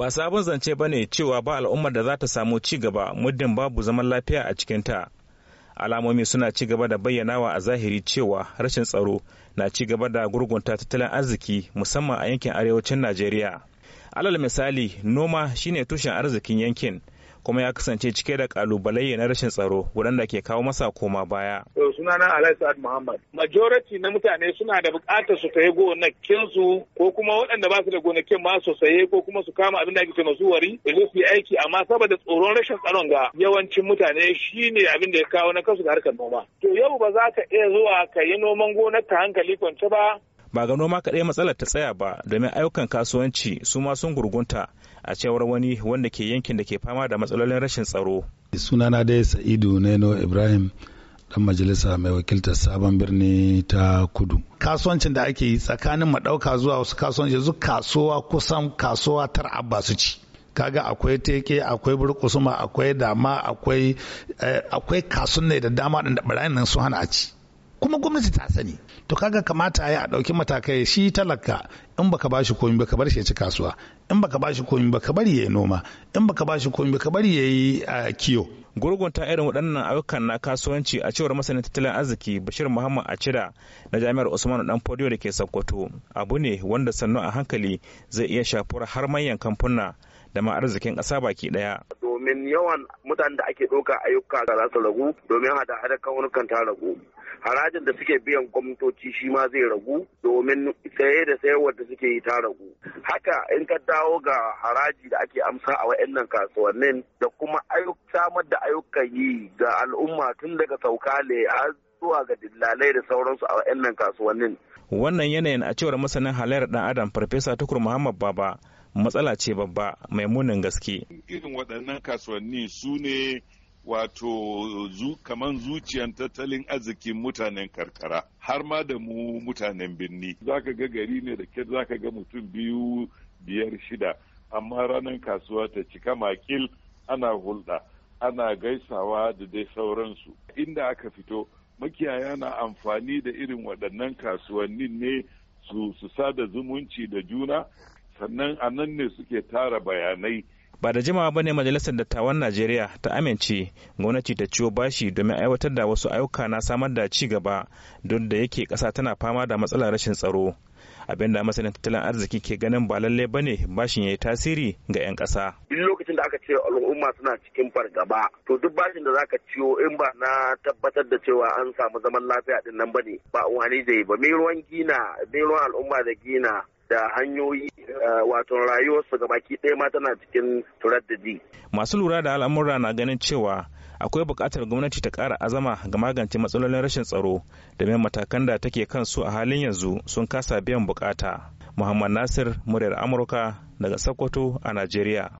ba sabon zance ba ne cewa ba al'ummar da za ta samu ci gaba muddin babu zaman lafiya a cikinta alamomi suna ci gaba da bayyanawa a zahiri cewa rashin tsaro na ci gaba da gurgunta tattalin arziki musamman a yankin arewacin najeriya alal misali noma shine tushen arzikin yankin kuma ya kasance cike da kalubalai na rashin tsaro waɗanda ke kawo masa koma baya. sunana Alhaji Sa'ad Muhammad. Majority na mutane suna da buƙatar su sayi gonakin su ko kuma waɗanda ba su da gonakin ma su saye ko kuma su kama abin da ake cewa zuwari da su yi aiki amma saboda tsoron rashin tsaron ga yawancin mutane shine abin da ya kawo na kasu da harkar noma. To yau ba za ka iya zuwa ka yi noman gonar ka hankali kwance ba ba ga noma kaɗai matsalar ta tsaya ba domin ayyukan kasuwanci su ma sun gurgunta a cewar wani wanda ke yankin da ke fama da matsalolin rashin tsaro sunana dai sa'idu neno ibrahim dan majalisa mai wakiltar sabon birni ta kudu kasuwancin da ake yi tsakanin ɗauka zuwa wasu kasuwanci yanzu kasuwa kusan kasuwa tar abba su ci kaga akwai teke akwai burkusuma akwai dama akwai eh, akwai da dama da barayin nan su hana a ci kuma gwamnati ta sani to kaga kamata a dauki matakai shi talaka in baka bashi komai baka bar shi ya ci kasuwa in baka bashi komai baka bari yayi noma in baka bashi komai baka bari yi kiyo gurgunta irin waɗannan ayyukan na kasuwanci a cewar masanin tattalin arziki Bashir Muhammad cira na Jami'ar Usman Dan Fodio da ke Sokoto abu ne wanda sannu a hankali zai iya shafar har manyan kamfuna da ma arzikin ƙasa baki ɗaya. Domin yawan mutanen da ake ɗauka ayyuka za su ragu domin hada-hada kawunukan ta ragu. harajin da suke biyan gwamnatoci shi ma zai ragu domin saye da sayarwar da suke yi ta ragu haka in ka dawo ga haraji da ake amsa a wayannan kasuwannin da kuma samar da ayyukan yi ga al'umma tun daga saukale har zuwa ga dillalai da sauransu a wayannan kasuwannin wannan yanayin a cewar masanin halayyar dan adam farfesa tukur muhammad baba matsala ce babba mai munin gaske irin waɗannan kasuwanni su ne wato zu kaman zuciyan tattalin arzikin mutanen karkara har ma da mu mutanen birni zaka ga gari ne da kyar zaka ga mutum biyu biyar shida amma ranar kasuwa ta cika makil ana hulɗa ana gaisawa da dai sauransu inda aka fito makiyaya na amfani da irin waɗannan kasuwannin ne su sada zumunci da juna sannan a nan ne suke tara bayanai ba da jimawa ba ne majalisar dattawan najeriya ta amince gwamnati ta ciwo bashi domin aiwatar da wasu ayyuka na samar da ci gaba duk da yake kasa tana fama da matsalar rashin tsaro abin da masanin tattalin arziki ke ganin ba lalle ba ne bashin ya yi tasiri ga 'yan kasa. duk lokacin da aka ce al'umma suna cikin fargaba to duk bashin da zaka ciwo in ba na tabbatar da cewa an samu zaman lafiya din nan ba ne ba wani zai ba mai ruwan gina mai ruwan al'umma da gina da hanyoyi eh, wato rayuwarsu baki ɗaya ma tana cikin turaddadi. Masu lura da al'amura na ganin cewa akwai buƙatar gwamnati ta ƙara azama ga magance matsalolin rashin tsaro da mai matakan da take kan su a halin yanzu sun kasa biyan buƙata. Muhammad Nasir, muryar Amurka daga Sokoto a Najeriya.